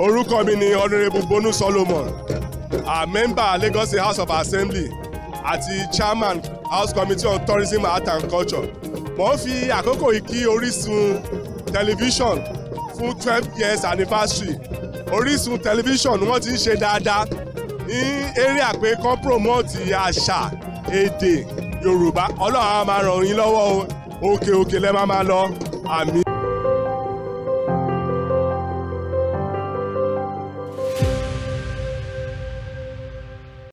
orúkọ mi ni honourable Bonu Solomon a member Lagos State House of Assembly àti chairman House Committee on Tourism Art and Culture mo ń fi àkókò yìí kí Orísun tẹlifíṣọ̀n fún twelve years anniversary Orísun tẹlifíṣọ̀n wọ́n ti ń ṣe dáadáa ní area pé kán promote àṣà èdè Yorùbá Ọlọ́run á máa ràn yín lọ́wọ́ o òkè òkè lẹ́ẹ̀ máa máa lọ àmín.